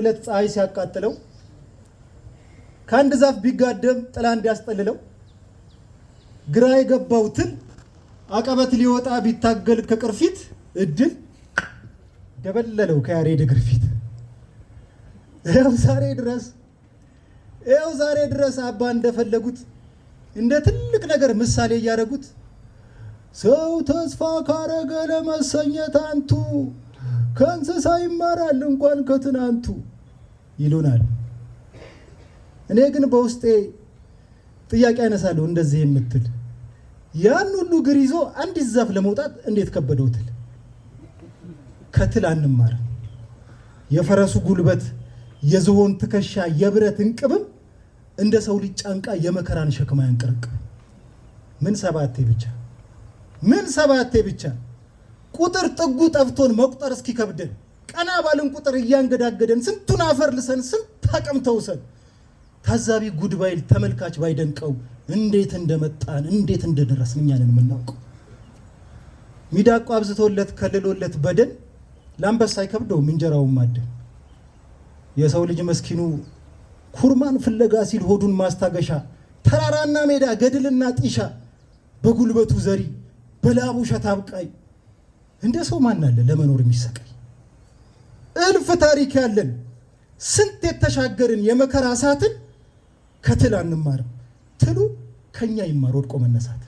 ዕለት ፀሐይ ሲያቃጥለው ከአንድ ዛፍ ቢጋደም ጥላ እንዲያስጠልለው ግራ የገባው ትል አቀበት ሊወጣ ቢታገል ከቅርፊት እድል ደበለለው ከያሬድ እግር ፊት። ዛሬ ድረስ ይኸው ዛሬ ድረስ አባ እንደፈለጉት እንደ ትልቅ ነገር ምሳሌ እያደረጉት ሰው ተስፋ ካረገ ለመሰኘት አንቱ ከእንስሳ ይማራል እንኳን ከትናንቱ ይሉናል። እኔ ግን በውስጤ ጥያቄ አነሳለሁ እንደዚህ የምትል ያን ሁሉ እግር ይዞ አንድ ዛፍ ለመውጣት እንዴት ከበደው ትል ከትል አንማር። የፈረሱ ጉልበት፣ የዝሆን ትከሻ፣ የብረት እንቅብም እንደ ሰው ልጅ ጫንቃ የመከራን ሸክማ ያንቀርቅ። ምን ሰባቴ ብቻ ምን ሰባቴ ብቻ ቁጥር ጥጉ ጠፍቶን መቁጠር እስኪከብደን ቀና ባልን ቁጥር እያንገዳገደን ስንቱን ልሰን ስንት አቅም ተውሰን ታዛቢ ጉድ ባይል ተመልካች ባይደንቀው እንዴት እንደመጣን እንዴት እንደደረስን እኛንን የምናውቀው። ሚዳቋ አብዝቶለት ከልሎለት በደን ለአንበሳ አይከብደውም እንጀራውን ማደን። የሰው ልጅ መስኪኑ ኩርማን ፍለጋ ሲል ሆዱን ማስታገሻ ተራራና ሜዳ ገድልና ጢሻ በጉልበቱ ዘሪ በላቡ ሸታብቃይ እንደ ሰው ማን አለ ለመኖር የሚሰቃይ? እልፍ ታሪክ ያለን ስንት የተሻገርን የመከራ እሳትን ከትል አንማርም። ትሉ ከኛ ይማር ወድቆ መነሳት